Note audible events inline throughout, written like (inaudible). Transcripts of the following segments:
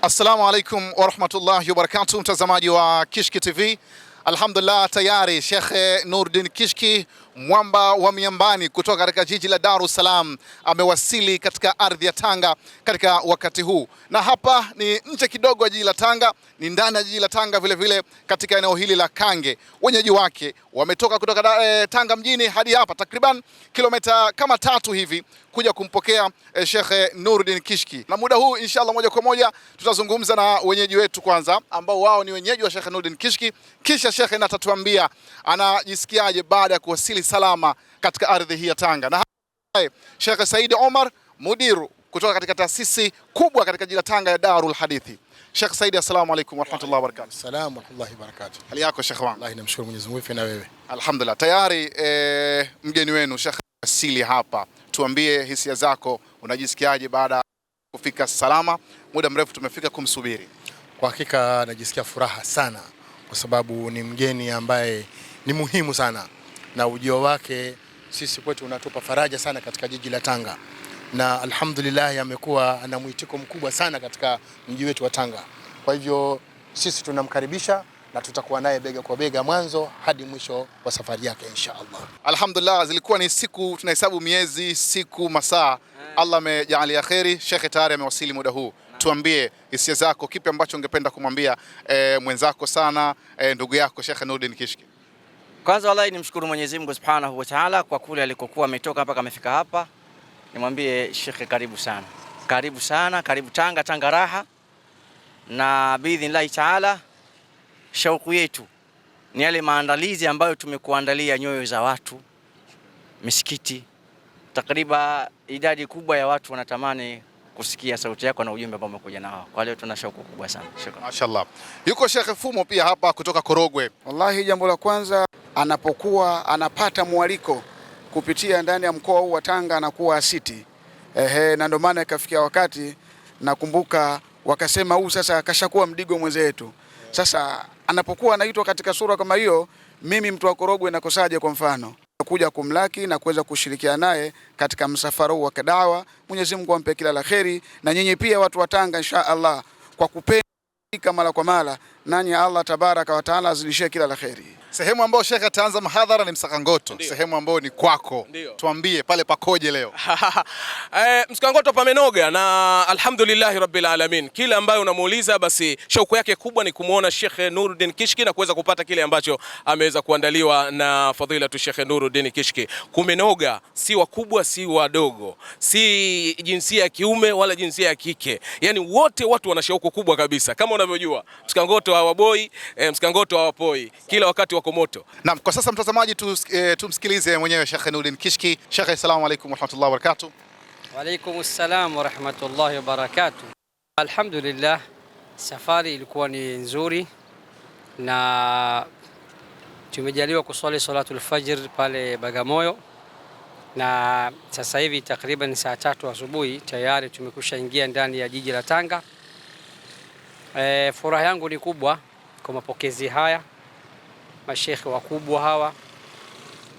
Assalamu alaikum warahmatullahi wabarakatuh, mtazamaji wa Kishki TV. Alhamdulillah, tayari Shekhe Nurdin Kishki Mwamba wa miambani kutoka katika jiji la Dar es Salaam amewasili katika ardhi ya Tanga katika wakati huu, na hapa ni nje kidogo ya jiji la Tanga, ni ndani ya jiji la Tanga vile vile, katika eneo hili la Kange. Wenyeji wake wametoka kutoka e, Tanga mjini hadi hapa takriban kilomita kama tatu hivi kuja kumpokea e, Sheikh Nuruddin Kishki, na muda huu inshallah, moja kwa moja tutazungumza na wenyeji wetu kwanza, ambao wao ni wenyeji wa Sheikh Nuruddin Kishki, kisha Sheikh na anajisikiaje baada ya kuwasili salama katika ardhi hii ya Tanga. Na Sheikh Said Omar mudiru kutoka katika taasisi kubwa katika jiji la Tanga ya Darul Hadithi. Sheikh Said, assalamu alaykum wa rahmatullahi wa barakatuh. Assalamu warahmatullahi wabarakatuh. Hali yako Sheikh wangu? Allah namshukuru Mwenyezi Mungu na wewe. Alhamdulillah. Tayari eh, mgeni wenu Sheikh asili hapa, tuambie hisia zako, unajisikiaje baada ya kufika salama? Muda mrefu tumefika kumsubiri. Kwa hakika najisikia furaha sana kwa sababu ni mgeni ambaye ni muhimu sana na ujio wake sisi kwetu unatupa faraja sana katika jiji la Tanga, na alhamdulillah amekuwa ana mwitiko mkubwa sana katika mji wetu wa Tanga. Kwa hivyo sisi tunamkaribisha na tutakuwa naye bega kwa bega mwanzo hadi mwisho wa safari yake inshaallah. Alhamdulillah, zilikuwa ni siku tunahesabu miezi, siku, masaa. Allah amejaalia kheri. Sheikh tayari amewasili muda huu. Tuambie hisia zako, kipi ambacho ungependa kumwambia e, mwenzako sana e, ndugu yako Sheikh Nurdin Kishki? Kwanza wallahi nimshukuru Mwenyezi Mungu Subhanahu wa Ta'ala kwa kule alikokuwa ametoka mpaka amefika hapa. Nimwambie Sheikh karibu sana, karibu sana, karibu Tanga, Tanga raha, na biidhnillahi taala, shauku yetu ni yale maandalizi ambayo tumekuandalia nyoyo za watu, misikiti takriban idadi kubwa ya watu wanatamani kusikia sauti yako na ujumbe ambao umekuja nao. Kwa leo tuna shauku kubwa sana. Shukrani. Mashaallah. Yuko Sheikh Fumo pia hapa kutoka Korogwe. Wallahi jambo la kwanza anapokuwa anapata mwaliko kupitia ndani ya mkoa huu wa Tanga anakuwa asiti. Ehe, na ndio maana ikafikia wakati nakumbuka wakasema huu sasa kashakuwa mdigo mwenzetu. Sasa anapokuwa anaitwa katika sura kama hiyo, mimi mtu wa Korogwe nakosaje? Kwa mfano kuja kumlaki na kuweza kushirikiana naye katika msafara huu wa kadawa. Mwenyezi Mungu ampe kila la kheri, na nyinyi pia watu wa Tanga, insha Allah, kwa kupenda mara kwa mara nani Allah tabaraka wa taala azidishie kila la kheri. Sehemu ambayo Sheikh ataanza mhadhara ni Msakangoto. Ndiyo. Sehemu ambayo ni kwako. Ndiyo. Tuambie pale pakoje leo? (laughs) E, Msakangoto pamenoga na alhamdulillah rabbil alamin. Kila ambayo unamuuliza basi shauku yake kubwa ni kumwona Sheikh Nuruddin Kishki na kuweza kupata kile ambacho ameweza kuandaliwa na fadhilatu Sheikh Nuruddin Kishki. Kumenoga, si wakubwa si wadogo, si jinsia ya kiume wala jinsia ya kike, yaani wote watu wana shauku kubwa kabisa, kama unavyojua Msakangoto hawaboi e, eh, msikangoto hawapoi, kila wakati wako moto. Naam, kwa sasa mtazamaji tu, e, eh, tumsikilize mwenyewe Sheikh Nurdin Kishki. Sheikh, assalamu alaykum warahmatullahi wabarakatuh. Wa alaykum assalam warahmatullahi wabarakatuh. Alhamdulillah, safari ilikuwa ni nzuri na tumejaliwa kuswali salatul fajr pale Bagamoyo na sasa hivi takriban saa tatu asubuhi tayari tumekusha ingia ndani ya jiji la Tanga. E, furaha yangu ni kubwa kwa mapokezi haya, mashekhe wakubwa hawa,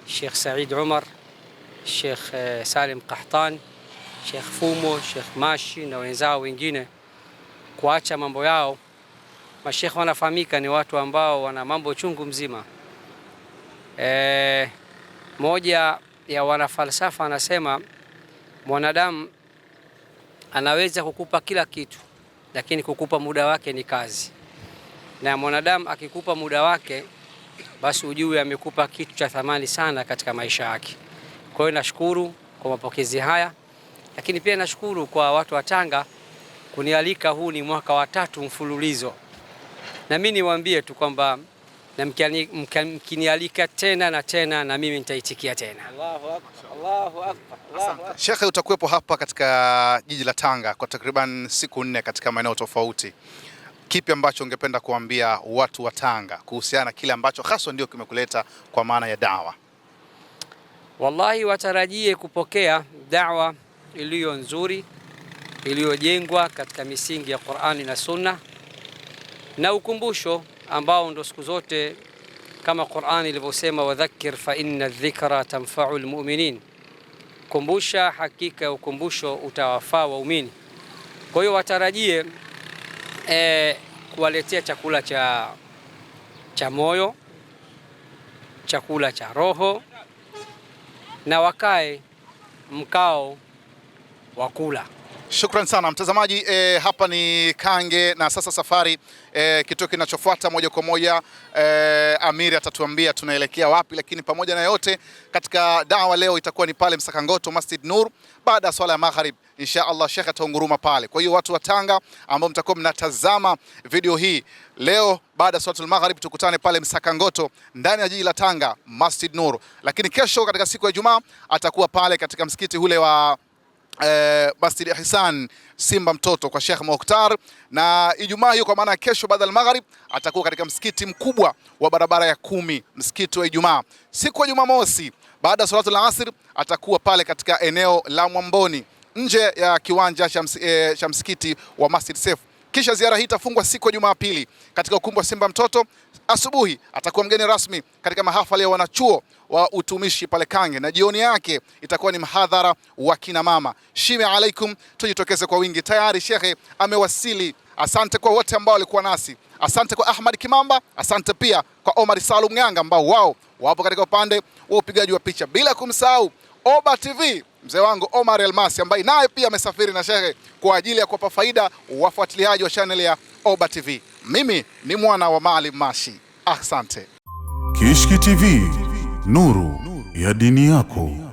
Sheikh Said Umar, Sheikh eh, Salim Kahtan, Sheikh Fumo, Sheikh Mashi na wenzao wengine kuacha mambo yao. Mashekhe wanafahamika ni watu ambao wana mambo chungu mzima. E, moja ya wanafalsafa anasema mwanadamu anaweza kukupa kila kitu lakini kukupa muda wake ni kazi, na mwanadamu akikupa muda wake, basi ujue amekupa kitu cha thamani sana katika maisha yake. Kwa hiyo nashukuru kwa mapokezi haya, lakini pia nashukuru kwa watu wa Tanga kunialika. Huu ni mwaka wa tatu mfululizo, na mimi niwaambie tu kwamba na mkinialika tena na tena na mimi nitaitikia tena. Allahu Akbar, Allahu Akbar, Allahu Akbar. Shekhe, utakuwepo hapa katika jiji la Tanga kwa takriban siku nne katika maeneo tofauti. Kipi ambacho ungependa kuambia watu wa Tanga kuhusiana na kile ambacho haswa ndio kimekuleta kwa maana ya dawa? Wallahi, watarajie kupokea dawa iliyo nzuri iliyojengwa katika misingi ya Qur'ani na Sunna na ukumbusho ambao ndo siku zote kama Qur'ani ilivyosema, wadhakir fa inna dhikra tanfa'u almu'minin, kumbusha, hakika ya ukumbusho utawafaa waumini. Kwa hiyo watarajie e, kuwaletea chakula cha, cha moyo, chakula cha roho na wakae mkao wa kula. Shukran sana mtazamaji e, hapa ni Kange na sasa safari e, eh, kitu kinachofuata moja kwa moja e, Amiri atatuambia tunaelekea wapi, lakini pamoja na yote katika dawa leo itakuwa ni pale Msakangoto Masjid Nur baada ya swala ya magharib insha Allah, Sheikh ataunguruma pale. Kwa hiyo watu wa Tanga ambao mtakuwa mnatazama video hii leo baada ya swalatul magharib, tukutane pale Msakangoto ndani ya jiji la Tanga Masjid Nur, lakini kesho katika siku ya Ijumaa atakuwa pale katika msikiti ule wa E, eh, Masjid Ihsan Simba mtoto kwa Sheikh Mokhtar, na Ijumaa hiyo kwa maana kesho baada ya magharib atakuwa katika msikiti mkubwa wa barabara ya kumi, msikiti wa Ijumaa. Siku ya Jumamosi baada ya salatu la asr atakuwa pale katika eneo la Mwamboni nje ya kiwanja cha eh, msikiti wa Masjid Seif. Kisha ziara hii itafungwa siku ya Jumapili katika ukumbi wa Simba Mtoto. Asubuhi atakuwa mgeni rasmi katika mahafali ya wanachuo wa utumishi pale Kange, na jioni yake itakuwa ni mhadhara wa kina mama. Shime alaikum, tujitokeze kwa wingi. Tayari shekhe amewasili. Asante kwa wote ambao walikuwa nasi, asante kwa Ahmad Kimamba, asante pia kwa Omar Salum Nganga ambao wao wapo katika upande wa upigaji wa picha, bila kumsahau Oba TV mzee wangu Omar Elmasi ambaye naye pia amesafiri na shehe kwa ajili ya kuwapa faida wafuatiliaji wa chaneli ya Oba TV. Mimi ni mwana wa Maalim Mashi, asante. Kishki TV, nuru ya dini yako.